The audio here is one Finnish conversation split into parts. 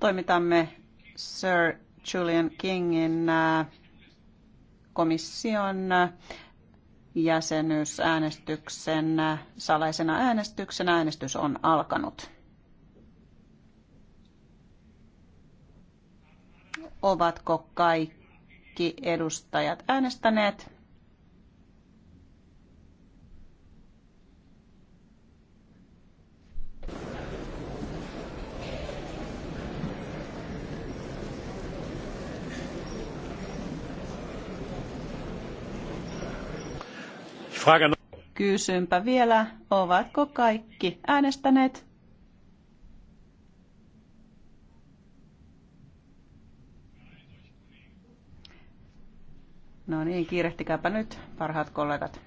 Toimitamme Sir Julian Kingin äh, komission äh, jäsenyysäänestyksen äh, salaisena äänestyksenä. Äänestys on alkanut. Ovatko kaikki edustajat äänestäneet? Kysynpä vielä, ovatko kaikki äänestäneet? No niin, kiirehtikääpä nyt, parhaat kollegat.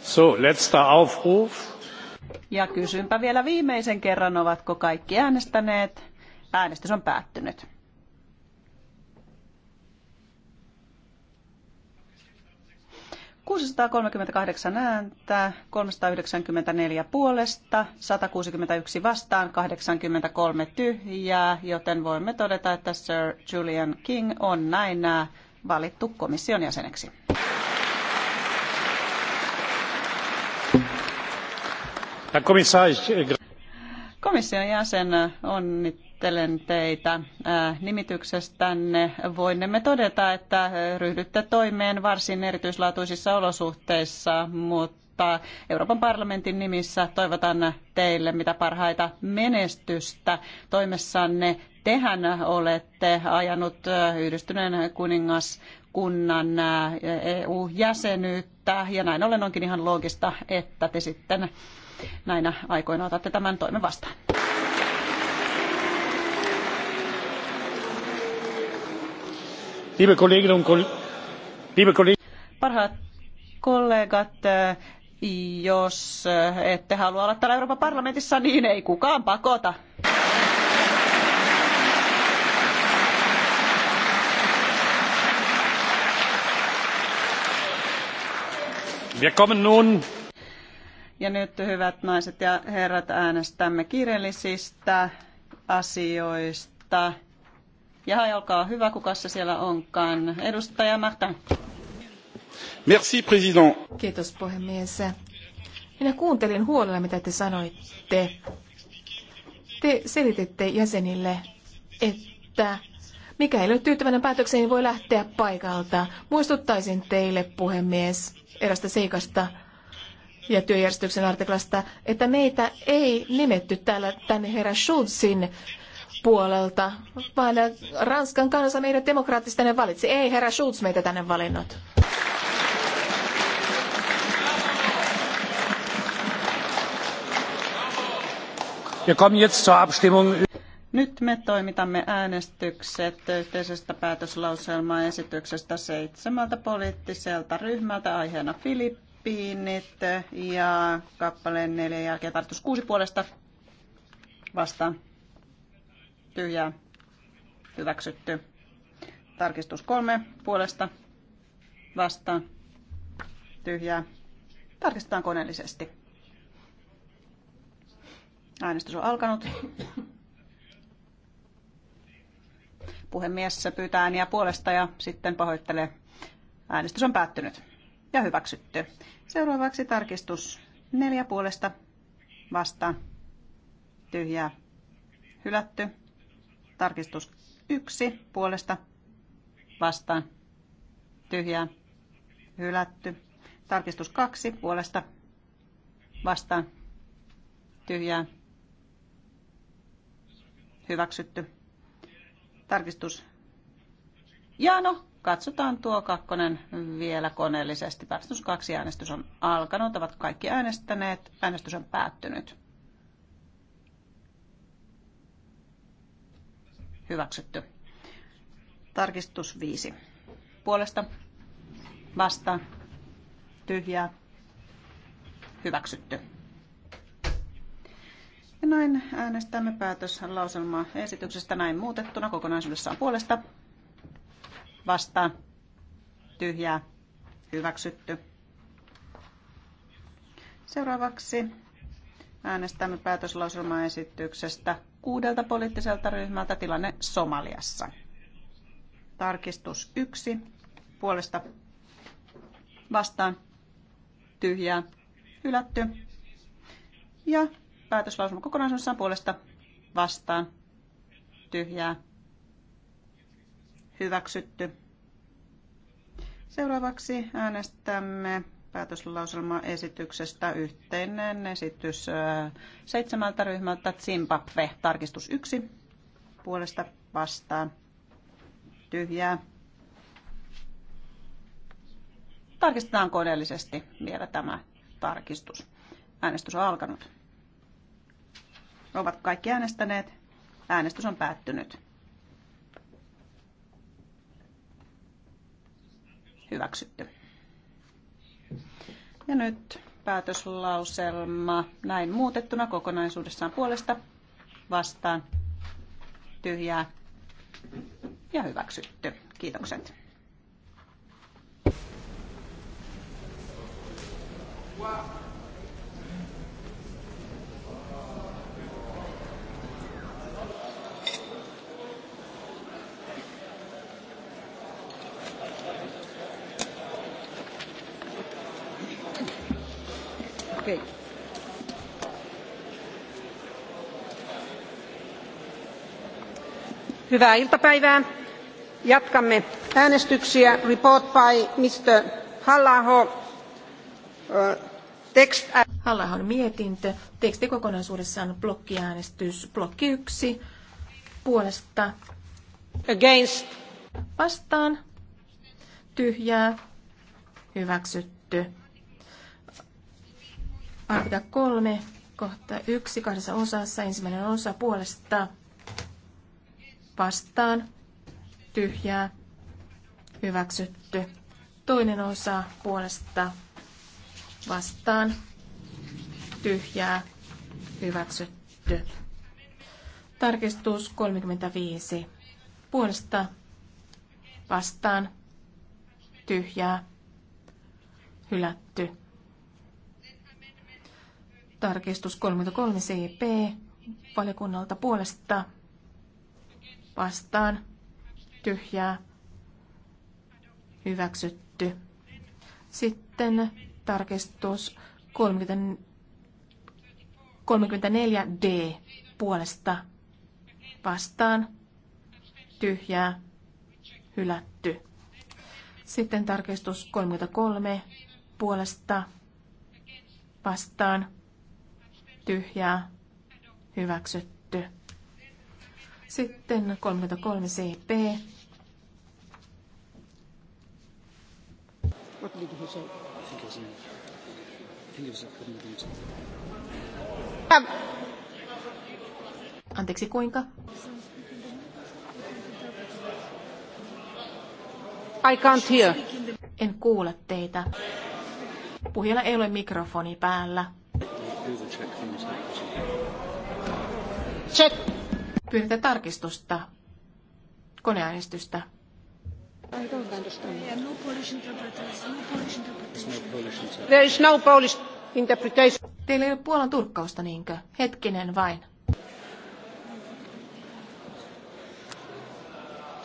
So, letzter Aufruf. Ja kysynpä vielä viimeisen kerran, ovatko kaikki äänestäneet? Äänestys on päättynyt. 638 ääntä, 394 puolesta, 161 vastaan, 83 tyhjää, joten voimme todeta, että Sir Julian King on näin äh, valittu komission jäseneksi. Herr Kommissar, ich äh, Komission jäsen, onnittelen teitä nimityksestänne. Voimme todeta, että ryhdytte toimeen varsin erityislaatuisissa olosuhteissa, mutta Euroopan parlamentin nimissä toivotan teille mitä parhaita menestystä toimessanne. Tehän olette ajanut yhdistyneen kuningas kunnan EU-jäsenyyttä ja näin ollen onkin ihan loogista, että te sitten näinä aikoina otatte tämän toimen vastaan. Parhaat kollegat, eh, jos eh, ette halua olla täällä Euroopan parlamentissa, niin ei kukaan pakota. Wir kommen nun ja nyt, hyvät naiset ja herrat, äänestämme kirjallisista asioista. Ja olkaa hyvä, kuka se siellä onkaan. Edustaja Marta. Merci, president. Kiitos, puhemies. Minä kuuntelin huolella, mitä te sanoitte. Te selititte jäsenille, että mikä ei ole tyytyväinen päätökseen, niin voi lähteä paikalta. Muistuttaisin teille, puhemies, erästä seikasta, ja työjärjestyksen artiklasta, että meitä ei nimetty täällä tänne herra Schulzin puolelta, vaan Ranskan kansa meidät demokraattisesti tänne valitsi. Ei herra Schulz meitä tänne valinnut. Nyt me toimitamme äänestykset yhteisestä päätöslauselmaesityksestä seitsemältä poliittiselta ryhmältä aiheena Filippi. Piinit ja kappaleen neljä jälkeen tarkoitus kuusi puolesta vastaan. tyhjä Hyväksytty. Tarkistus kolme puolesta vastaan. tyhjä Tarkistetaan koneellisesti. Äänestys on alkanut. Puhemies pyytää ääniä puolesta ja sitten pahoittelee. Äänestys on päättynyt ja hyväksytty. Seuraavaksi tarkistus neljä puolesta vastaan tyhjää hylätty. Tarkistus yksi puolesta vastaan tyhjää hylätty. Tarkistus kaksi puolesta vastaan tyhjää hyväksytty. Tarkistus. Jaano, katsotaan tuo kakkonen vielä koneellisesti. Tarkistus kaksi äänestys on alkanut. Ovatko kaikki äänestäneet? Äänestys on päättynyt. Hyväksytty. Tarkistus viisi Puolesta. Vasta. Tyhjää. Hyväksytty. Ja näin äänestämme lauselmaa esityksestä näin muutettuna kokonaisuudessaan puolesta vastaan tyhjää hyväksytty. Seuraavaksi äänestämme päätöslauselmaesityksestä kuudelta poliittiselta ryhmältä tilanne Somaliassa. Tarkistus yksi puolesta vastaan tyhjää hylätty. Ja päätöslausuma kokonaisuudessaan puolesta vastaan tyhjää hyväksytty. Seuraavaksi äänestämme päätöslauselmaesityksestä yhteinen esitys seitsemältä ryhmältä Zimbabwe. Tarkistus yksi puolesta vastaan. Tyhjää. Tarkistetaan koneellisesti vielä tämä tarkistus. Äänestys on alkanut. Ovat kaikki äänestäneet. Äänestys on päättynyt. Hyväksytty. Ja nyt päätöslauselma näin muutettuna kokonaisuudessaan puolesta vastaan tyhjää ja hyväksytty. Kiitokset. Wow. Okay. Hyvää iltapäivää. Jatkamme äänestyksiä. Report by Mr. Hallaho. Text... Hallahon mietintö. Teksti kokonaisuudessaan blokkiäänestys. Blokki 1 puolesta. Against. Vastaan. Tyhjää. Hyväksytty. Artikla 3, kohta 1, kahdessa osassa, ensimmäinen osa puolesta vastaan, tyhjää, hyväksytty. Toinen osa puolesta vastaan, tyhjää, hyväksytty. Tarkistus 35. Puolesta vastaan, tyhjää, hylätty. Tarkistus 33 CP valiokunnalta puolesta vastaan tyhjää hyväksytty. Sitten tarkistus 34D puolesta vastaan tyhjää hylätty. Sitten tarkistus 33 puolesta vastaan tyhjää, hyväksytty. Sitten 33 CP. Um. Anteeksi, kuinka? I can't hear. En kuule teitä. Puhujalla ei ole mikrofoni päällä. Check. Pyydetään tarkistusta. Koneäänestystä. I don't understand. No no no There is no Polish interpretation. Teillä ei ole Puolan turkkausta niinkö? Hetkinen vain.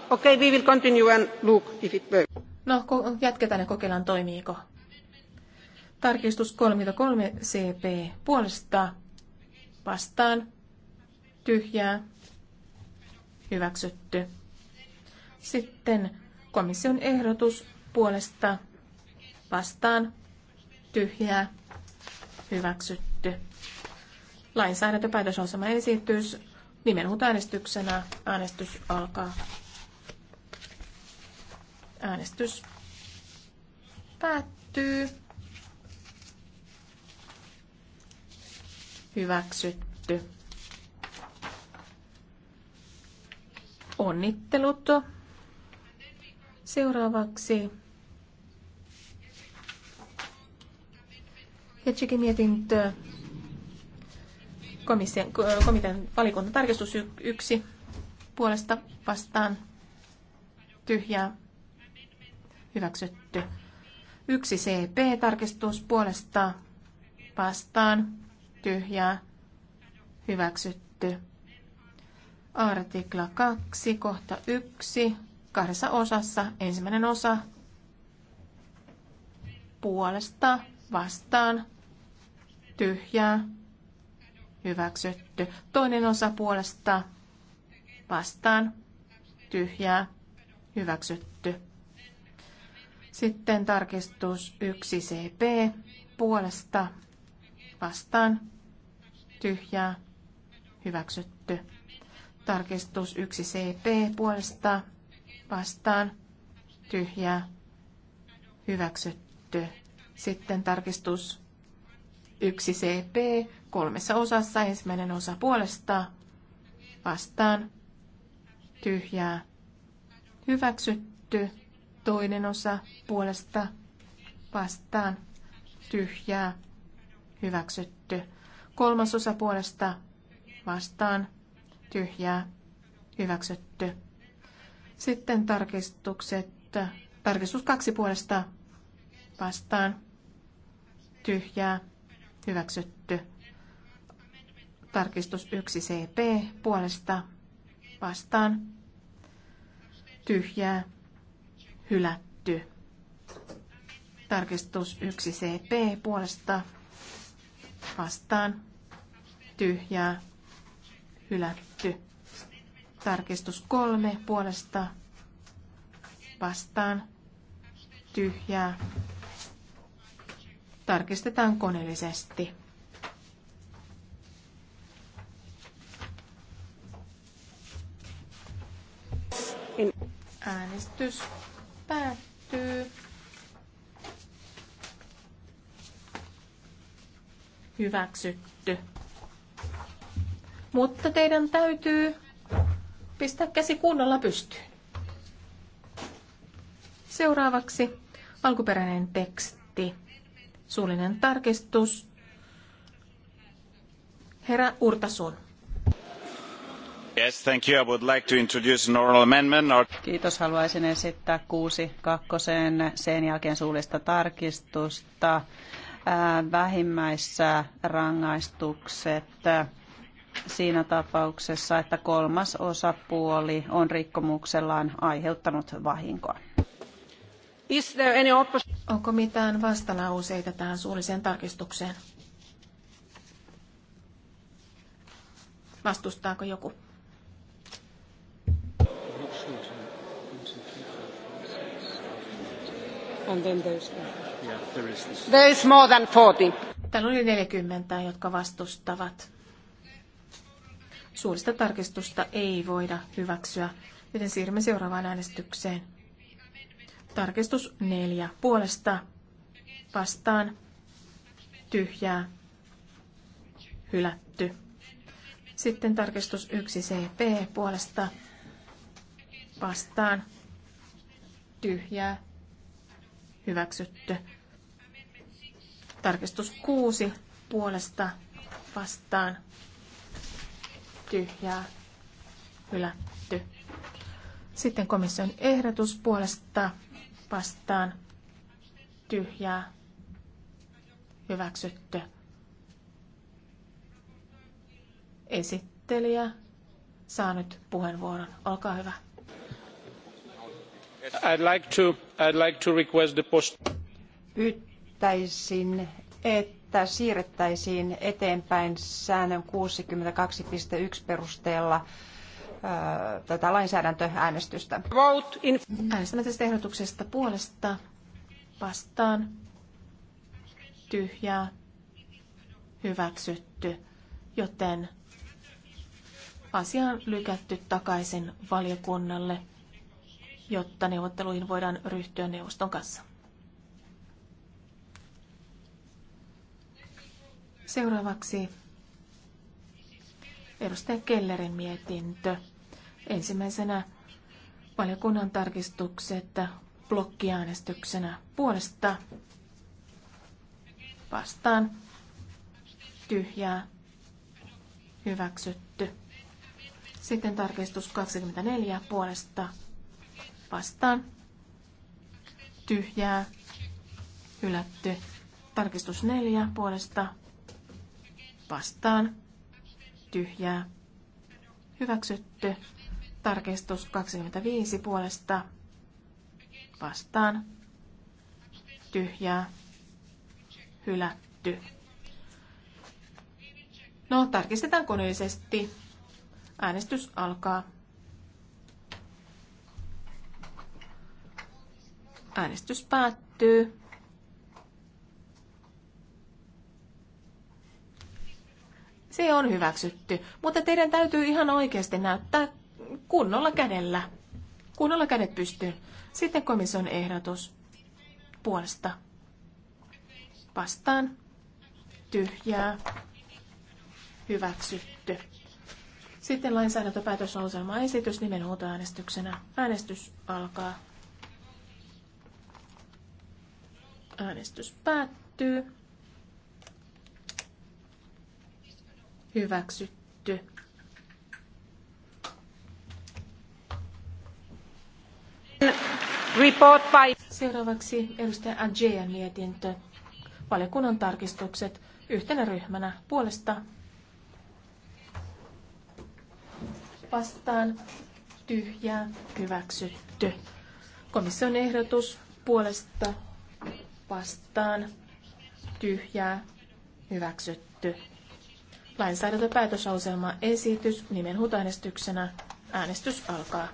Okei, okay, we will continue and look if it works. No, jatketaan ja kokeillaan toimiiko. Tarkistus 33 CP puolesta vastaan tyhjää hyväksytty. Sitten komission ehdotus puolesta vastaan tyhjää hyväksytty. Lainsäädäntöpäätösosama esitys äänestyksenä. Äänestys alkaa. Äänestys päättyy. Hyväksytty. Onnittelut. Seuraavaksi Hetchikin mietintö komission, komitean valikunta tarkistus yksi puolesta vastaan tyhjää hyväksytty. Yksi CP tarkistus puolesta vastaan tyhjää, hyväksytty. Artikla 2, kohta 1, kahdessa osassa. Ensimmäinen osa puolesta, vastaan, tyhjää, hyväksytty. Toinen osa puolesta, vastaan, tyhjää, hyväksytty. Sitten tarkistus 1 CP puolesta vastaan tyhjää, hyväksytty. Tarkistus 1 CP puolesta vastaan, tyhjää, hyväksytty. Sitten tarkistus 1 CP kolmessa osassa, ensimmäinen osa puolesta vastaan, tyhjää, hyväksytty. Toinen osa puolesta vastaan, tyhjää, hyväksytty. Kolmasosa puolesta vastaan tyhjää hyväksytty. Sitten tarkistukset. Tarkistus kaksi puolesta vastaan tyhjää hyväksytty. Tarkistus 1 CP puolesta vastaan tyhjää hylätty. Tarkistus 1 CP puolesta vastaan tyhjää, hylätty. Tarkistus kolme puolesta vastaan, tyhjää. Tarkistetaan koneellisesti. Äänestys päättyy. Hyväksytty. Mutta teidän täytyy pistää käsi kunnolla pystyyn. Seuraavaksi alkuperäinen teksti. Suullinen tarkistus. Herra Urtasun. Yes, thank you. I would like to introduce an oral amendment. Or... Kiitos. Haluaisin esittää kuusi kakkosen sen jälkeen suullista tarkistusta. Vähimmäisrangaistukset rangaistukset siinä tapauksessa, että kolmas osapuoli on rikkomuksellaan aiheuttanut vahinkoa. Onko mitään vastalauseita tähän suulliseen tarkistukseen? Vastustaako joku? And then there's, yeah, there is this. There is more than 40. Täällä oli 40, jotka vastustavat. Suullista tarkistusta ei voida hyväksyä, joten siirrymme seuraavaan äänestykseen. Tarkistus neljä puolesta vastaan tyhjää hylätty. Sitten tarkistus 1 CP puolesta vastaan tyhjää hyväksytty. Tarkistus 6 puolesta vastaan tyhjää hylätty. Sitten komission ehdotus puolesta vastaan tyhjää hyväksytty. Esittelijä saa nyt puheenvuoron. Olkaa hyvä. I'd like to, I'd like to request the post. Pyyttäisin, että että siirrettäisiin eteenpäin säännön 62.1 perusteella tätä lainsäädäntöäänestystä. Äänestämme tästä ehdotuksesta puolesta vastaan tyhjää hyväksytty, joten asia on lykätty takaisin valiokunnalle, jotta neuvotteluihin voidaan ryhtyä neuvoston kanssa. Seuraavaksi edustaja Kellerin mietintö. Ensimmäisenä valiokunnan tarkistukset blokkiäänestyksenä puolesta vastaan tyhjää hyväksytty. Sitten tarkistus 24 puolesta vastaan tyhjää hylätty. Tarkistus 4 puolesta vastaan, tyhjää, hyväksytty. Tarkistus 25 puolesta vastaan, tyhjää, hylätty. No, tarkistetaan koneellisesti. Äänestys alkaa. Äänestys päättyy. Se on hyväksytty, mutta teidän täytyy ihan oikeasti näyttää kunnolla kädellä. Kunnolla kädet pystyyn. Sitten komission ehdotus puolesta. Vastaan. Tyhjää. Hyväksytty. Sitten lainsäädäntöpäätöslauselma esitys nimenhuutoäänestyksenä. Äänestys alkaa. Äänestys päättyy. hyväksytty. Report by... Seuraavaksi edustaja Adjean mietintö. Valiokunnan tarkistukset yhtenä ryhmänä puolesta vastaan tyhjää hyväksytty. Komission ehdotus puolesta vastaan tyhjää hyväksytty. Lainsäädäntöpäätösauselma esitys nimenhuutoäänestyksenä. Äänestys alkaa.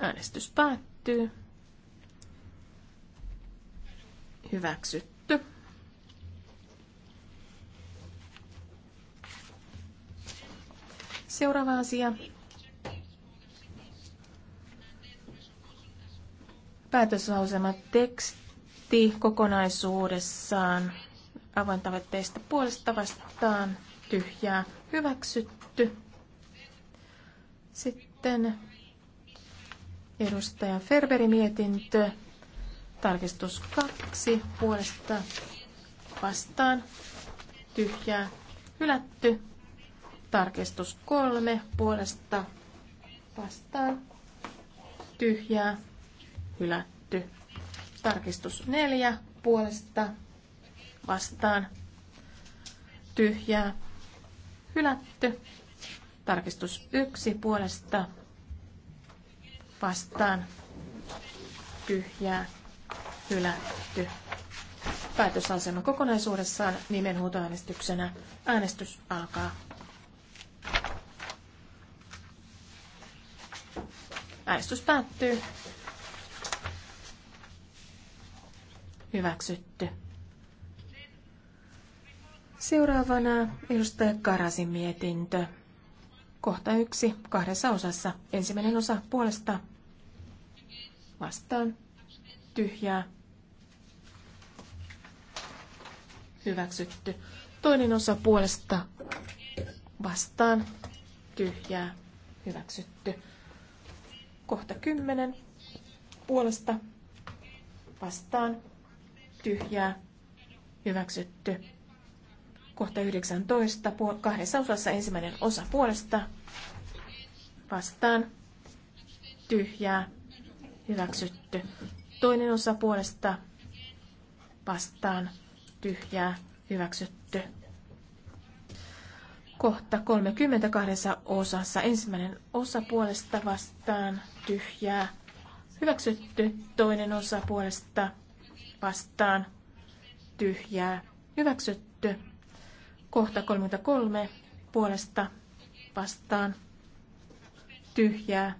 Äänestys päättyy. Hyväksytty. Seuraava asia. Päätöslauselma teksti teksti kokonaisuudessaan avaintavoitteista puolesta vastaan tyhjää hyväksytty. Sitten edustaja Ferberin mietintö, tarkistus kaksi puolesta vastaan tyhjää hylätty. Tarkistus kolme puolesta vastaan tyhjää hylätty. Tarkistus neljä puolesta vastaan tyhjää hylätty. Tarkistus yksi puolesta vastaan tyhjää hylätty. Päätösasema kokonaisuudessaan nimenhuutoäänestyksenä. Äänestys alkaa. Äänestys päättyy. hyväksytty. Seuraavana edustaja Karasin mietintö. Kohta yksi kahdessa osassa. Ensimmäinen osa puolesta vastaan tyhjää hyväksytty. Toinen osa puolesta vastaan tyhjää hyväksytty. Kohta kymmenen puolesta vastaan tyhjää, hyväksytty. Kohta 19, kahdessa osassa ensimmäinen osa puolesta, vastaan, tyhjää, hyväksytty. Toinen osa puolesta, vastaan, tyhjää, hyväksytty. Kohta 32 osassa. Ensimmäinen osa puolesta vastaan tyhjää. Hyväksytty. Toinen osa puolesta vastaan tyhjää hyväksytty. Kohta 33 puolesta vastaan tyhjää.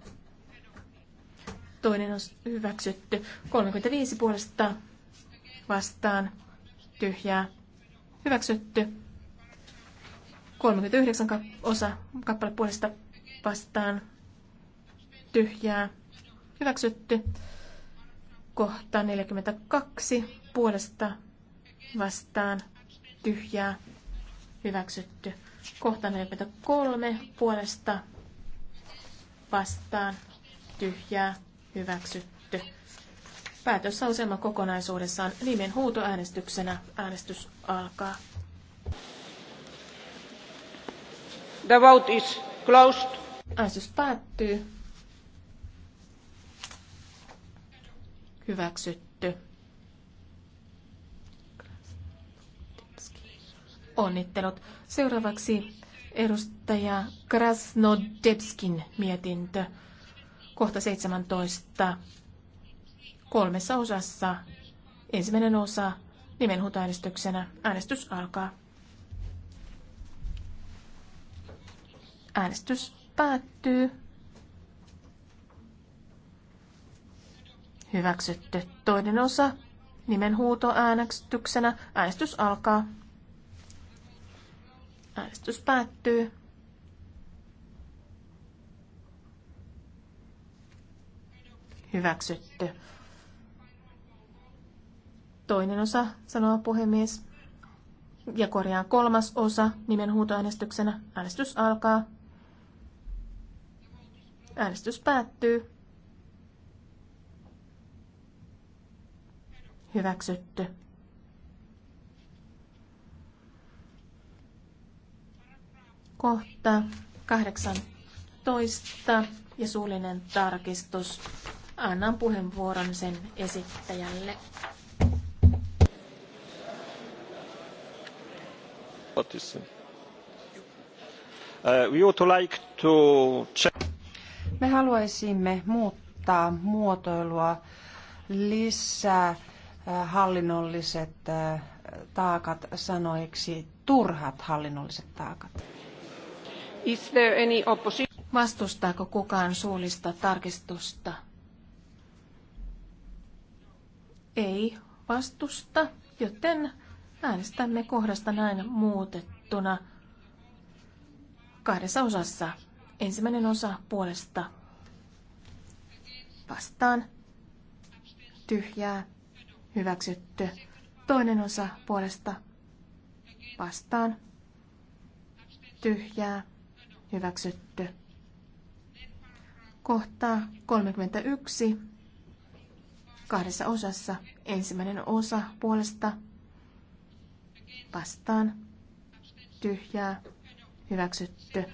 Toinen on hyväksytty. 35 puolesta vastaan tyhjää hyväksytty. 39 osa kappale puolesta vastaan tyhjää hyväksytty kohta 42 puolesta vastaan tyhjää hyväksytty. Kohta 43 puolesta vastaan tyhjää hyväksytty. Päätösasema kokonaisuudessaan nimen huutoäänestyksenä äänestys alkaa. The vote is closed. Äänestys päättyy. hyväksytty. Onnittelut. Seuraavaksi edustaja Krasnodebskin mietintö. Kohta 17. Kolmessa osassa. Ensimmäinen osa nimenhuutoäänestyksenä. Äänestys alkaa. Äänestys päättyy. Hyväksytty. Toinen osa nimenhuuto äänestyksenä. Äänestys alkaa. Äänestys päättyy. Hyväksytty. Toinen osa, sanoo puhemies. Ja korjaa kolmas osa nimenhuutoäänestyksenä. Äänestys alkaa. Äänestys päättyy. hyväksytty. Kohta 18 ja suullinen tarkistus. Annan puheenvuoron sen esittäjälle. Uh, Me haluaisimme muuttaa muotoilua lisää hallinnolliset taakat sanoiksi turhat hallinnolliset taakat. Is there any opposition? Vastustaako kukaan suullista tarkistusta? Ei vastusta, joten äänestämme kohdasta näin muutettuna kahdessa osassa. Ensimmäinen osa puolesta vastaan tyhjää Hyväksytty. Toinen osa puolesta vastaan. Tyhjää. Hyväksytty. Kohtaa 31. Kahdessa osassa. Ensimmäinen osa puolesta vastaan. Tyhjää. Hyväksytty.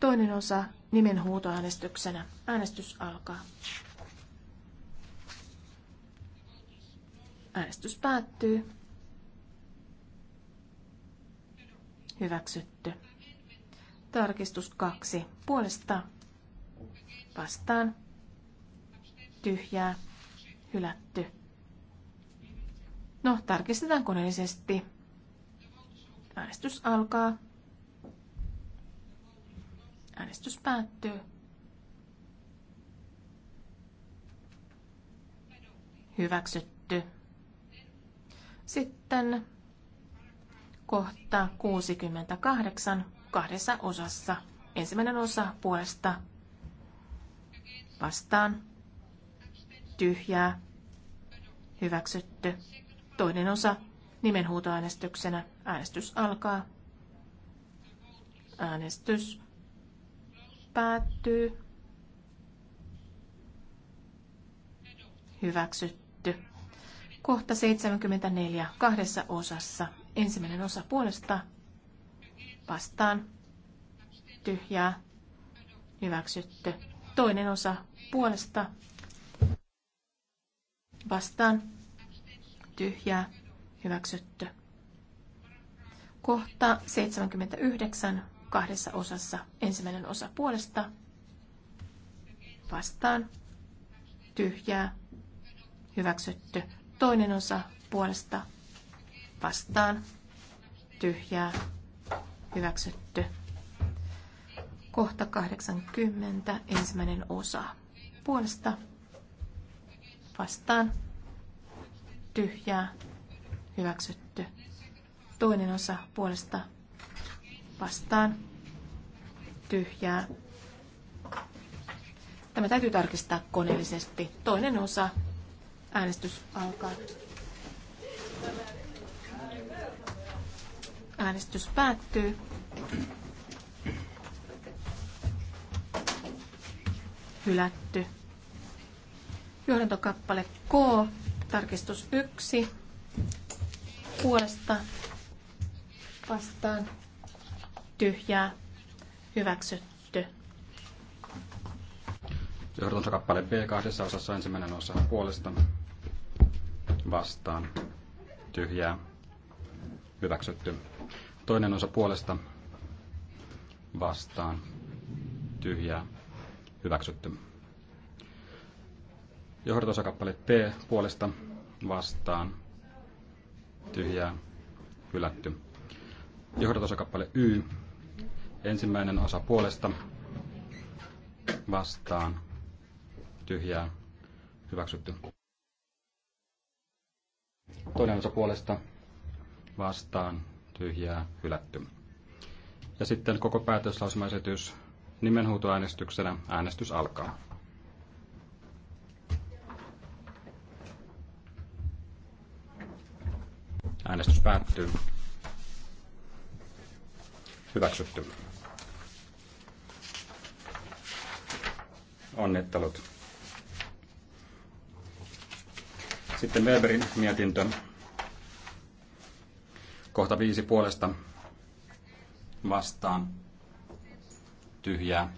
Toinen osa nimenhuutoäänestyksenä. Äänestys alkaa. Äänestys päättyy. Hyväksytty. Tarkistus kaksi. Puolesta vastaan. Tyhjää. Hylätty. No, tarkistetaan koneellisesti. Äänestys alkaa. Äänestys päättyy. Hyväksytty. Sitten kohta 68 kahdessa osassa. Ensimmäinen osa puolesta vastaan tyhjää hyväksytty. Toinen osa nimenhuutoäänestyksenä. Äänestys alkaa. Äänestys päättyy. Hyväksytty. Kohta 74 kahdessa osassa. Ensimmäinen osa puolesta vastaan tyhjää hyväksytty. Toinen osa puolesta vastaan tyhjää hyväksytty. Kohta 79 kahdessa osassa. Ensimmäinen osa puolesta vastaan tyhjää hyväksytty. Toinen osa puolesta vastaan. Tyhjää. Hyväksytty. Kohta 80. Ensimmäinen osa. Puolesta vastaan. Tyhjää. Hyväksytty. Toinen osa puolesta vastaan. Tyhjää. Tämä täytyy tarkistaa koneellisesti. Toinen osa Äänestys alkaa. Äänestys päättyy. Hylätty. Johdantokappale K, tarkistus 1. Puolesta vastaan tyhjää hyväksytty. Johdantokappale B kahdessa osassa ensimmäinen osa puolesta vastaan tyhjää hyväksytty. Toinen osa puolesta vastaan tyhjää hyväksytty. Johdotosakappale T puolesta vastaan tyhjää hylätty. Johdotosakappale Y ensimmäinen osa puolesta vastaan tyhjää hyväksytty. Toinen osa puolesta vastaan tyhjää hylätty. Ja sitten koko päätöslausumaesitys nimenhuutoäänestyksenä. Äänestys alkaa. Äänestys päättyy. Hyväksytty. Onnittelut. Sitten Weberin mietintö. Kohta viisi puolesta vastaan tyhjää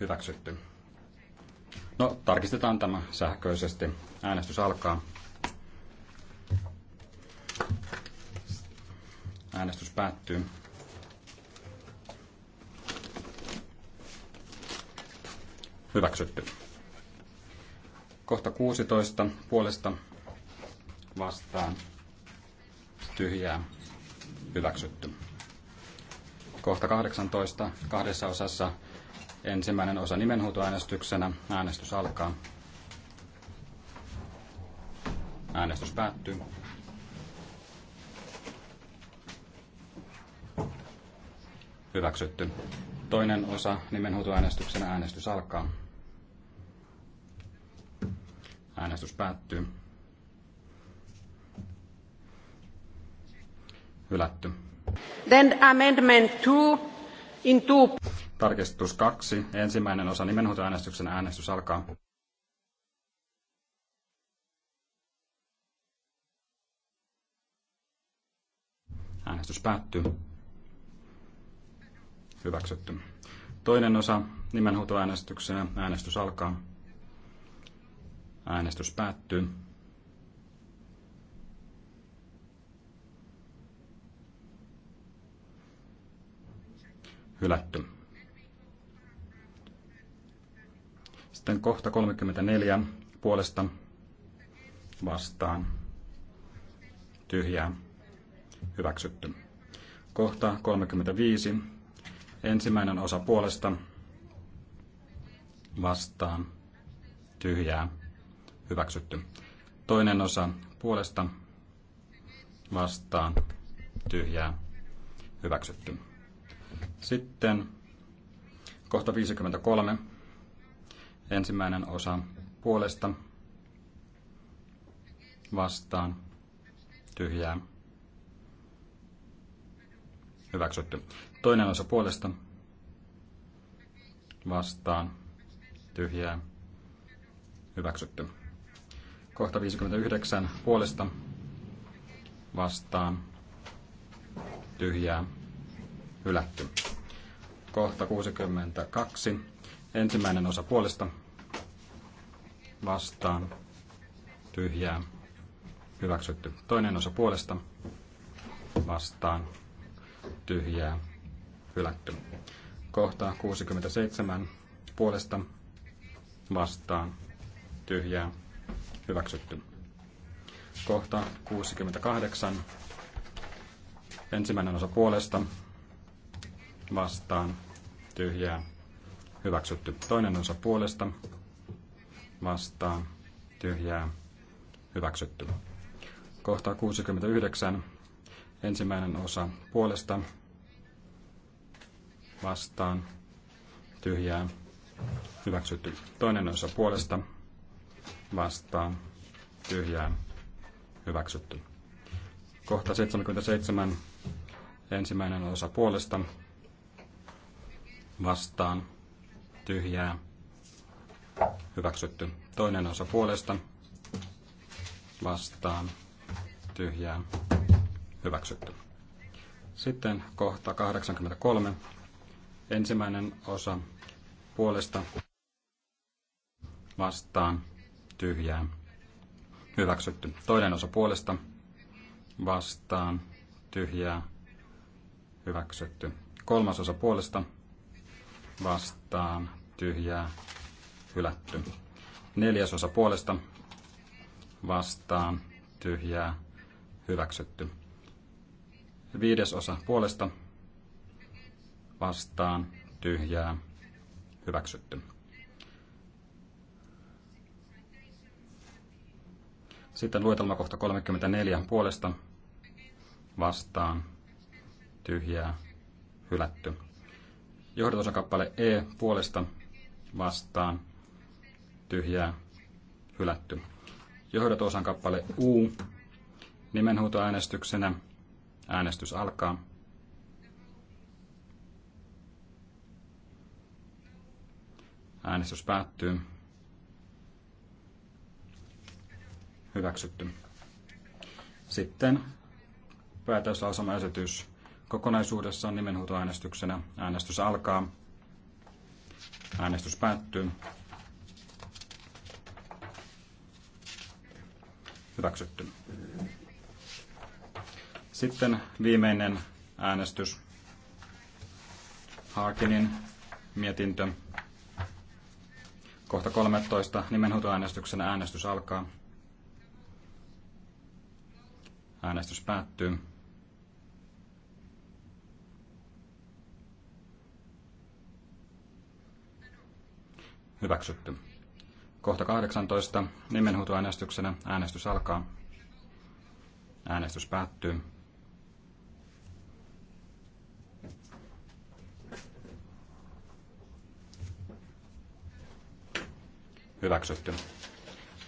hyväksytty. No, tarkistetaan tämä sähköisesti. Äänestys alkaa. Äänestys päättyy. Hyväksytty. Kohta 16 puolesta vastaan tyhjää hyväksytty. Kohta 18 kahdessa osassa ensimmäinen osa nimenhuutoäänestyksenä. Äänestys alkaa. Äänestys päättyy. Hyväksytty. Toinen osa nimenhuutoäänestyksenä äänestys alkaa. Äänestys päättyy. Hylätty. Then amendment two in two. Tarkistus kaksi. Ensimmäinen osa nimenhuutoäänestyksen äänestys alkaa. Äänestys päättyy. Hyväksytty. Toinen osa nimenhuutoäänestyksenä. Äänestys alkaa. Äänestys päättyy. hylätty. Sitten kohta 34 puolesta vastaan tyhjää hyväksytty. Kohta 35 ensimmäinen osa puolesta vastaan tyhjää hyväksytty. Toinen osa puolesta vastaan tyhjää hyväksytty. Sitten kohta 53, ensimmäinen osa puolesta vastaan tyhjää hyväksytty. Toinen osa puolesta vastaan tyhjää hyväksytty. Kohta 59 puolesta vastaan tyhjää hylätty. Kohta 62. Ensimmäinen osa puolesta vastaan tyhjää hyväksytty. Toinen osa puolesta vastaan tyhjää hylätty. Kohta 67 puolesta vastaan tyhjää hyväksytty. Kohta 68 ensimmäinen osa puolesta vastaan tyhjää hyväksytty. Toinen osa puolesta vastaan tyhjää hyväksytty. Kohta 69. Ensimmäinen osa puolesta vastaan tyhjää hyväksytty. Toinen osa puolesta vastaan tyhjää hyväksytty. Kohta 77. Ensimmäinen osa puolesta vastaan tyhjää hyväksytty. Toinen osa puolesta vastaan tyhjää hyväksytty. Sitten kohta 83. Ensimmäinen osa puolesta vastaan tyhjää hyväksytty. Toinen osa puolesta vastaan tyhjää hyväksytty. Kolmas osa puolesta vastaan tyhjää hylätty. Neljäsosa puolesta vastaan tyhjää hyväksytty. Viidesosa puolesta vastaan tyhjää hyväksytty. Sitten luetelmakohta 34 puolesta vastaan tyhjää hylätty. Johdatusosakappale E puolesta vastaan tyhjää hylätty. Johdatusosan kappale U nimenhuutoäänestyksenä. Äänestys alkaa. Äänestys päättyy. Hyväksytty. Sitten päätöslausumaesitys kokonaisuudessaan nimenhuutoäänestyksenä. Äänestys alkaa. Äänestys päättyy. Hyväksytty. Sitten viimeinen äänestys. Harkinin mietintö. Kohta 13. Nimenhuutoäänestyksen äänestys alkaa. Äänestys päättyy. Hyväksytty. Kohta 18. Nimenhuutoäänestyksenä äänestys alkaa. Äänestys päättyy. Hyväksytty.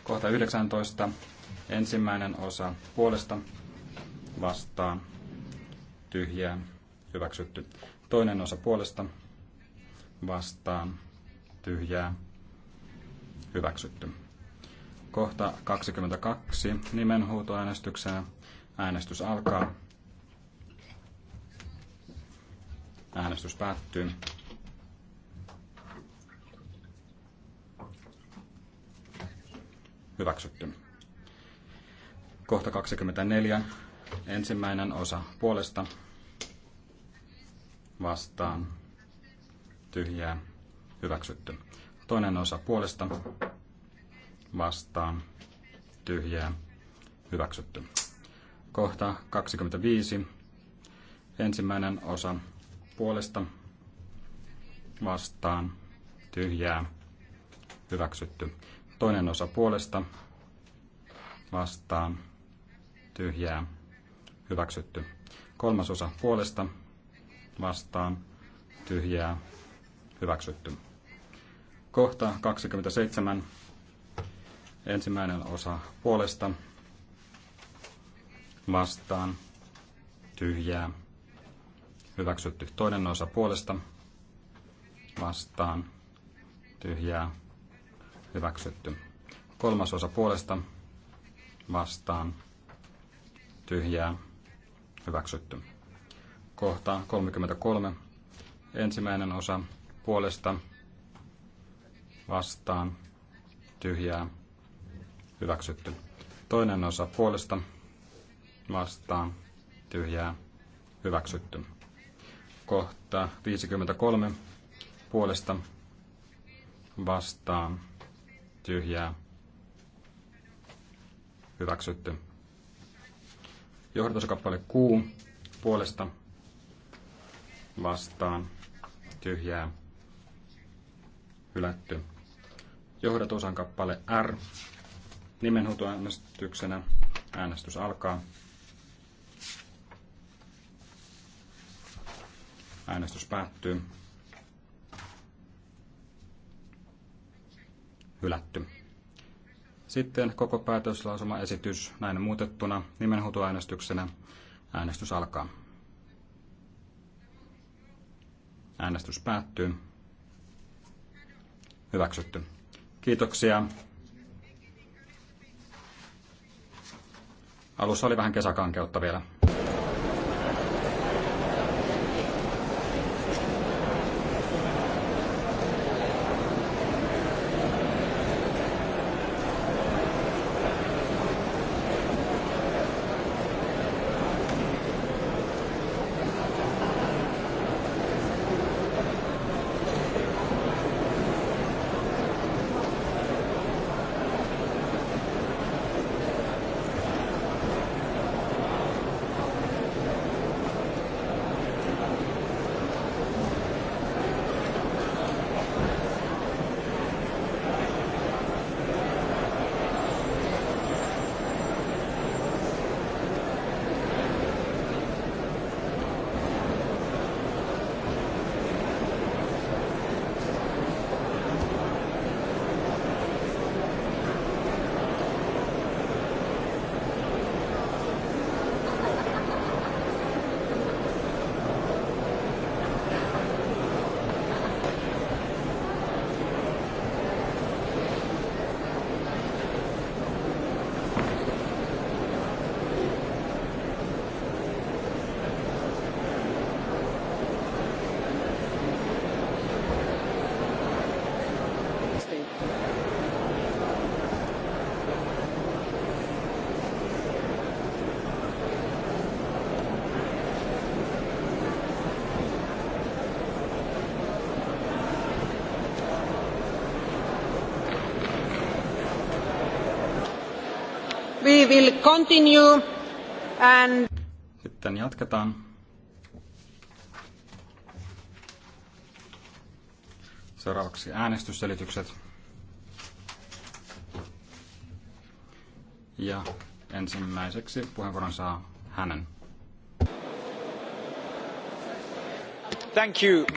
Kohta 19. Ensimmäinen osa puolesta vastaan tyhjää. Hyväksytty. Toinen osa puolesta vastaan tyhjää hyväksytty. Kohta 22 nimenhuutoäänestykseen. Äänestys alkaa. Äänestys päättyy. Hyväksytty. Kohta 24. Ensimmäinen osa puolesta vastaan tyhjää hyväksytty. Toinen osa puolesta vastaan tyhjää hyväksytty. Kohta 25. Ensimmäinen osa puolesta vastaan tyhjää hyväksytty. Toinen osa puolesta vastaan tyhjää hyväksytty. Kolmas osa puolesta vastaan tyhjää hyväksytty. Kohta 27 Ensimmäinen osa puolesta vastaan tyhjää. Hyväksytty toinen osa puolesta vastaan tyhjää. Hyväksytty kolmas osa puolesta vastaan tyhjää. Hyväksytty. Kohta 33. Ensimmäinen osa puolesta vastaan tyhjää hyväksytty. Toinen osa puolesta vastaan tyhjää hyväksytty. Kohta 53 puolesta vastaan tyhjää hyväksytty. Johdatuskappale Q puolesta vastaan tyhjää hylätty. Johdatusan kappale R Nimenhuutoäänestyksenä äänestys alkaa. Äänestys päättyy. Hylätty. Sitten koko päätöslausuma esitys näin muutettuna nimenhuutoäänestyksenä. Äänestys alkaa. Äänestys päättyy. Hyväksytty. Kiitoksia Alussa oli vähän kesäkankeutta vielä. will continue and... Sitten jatketaan. Seuraavaksi äänestysselitykset. Ja ensimmäiseksi puheenvuoron saa hänen. Thank you.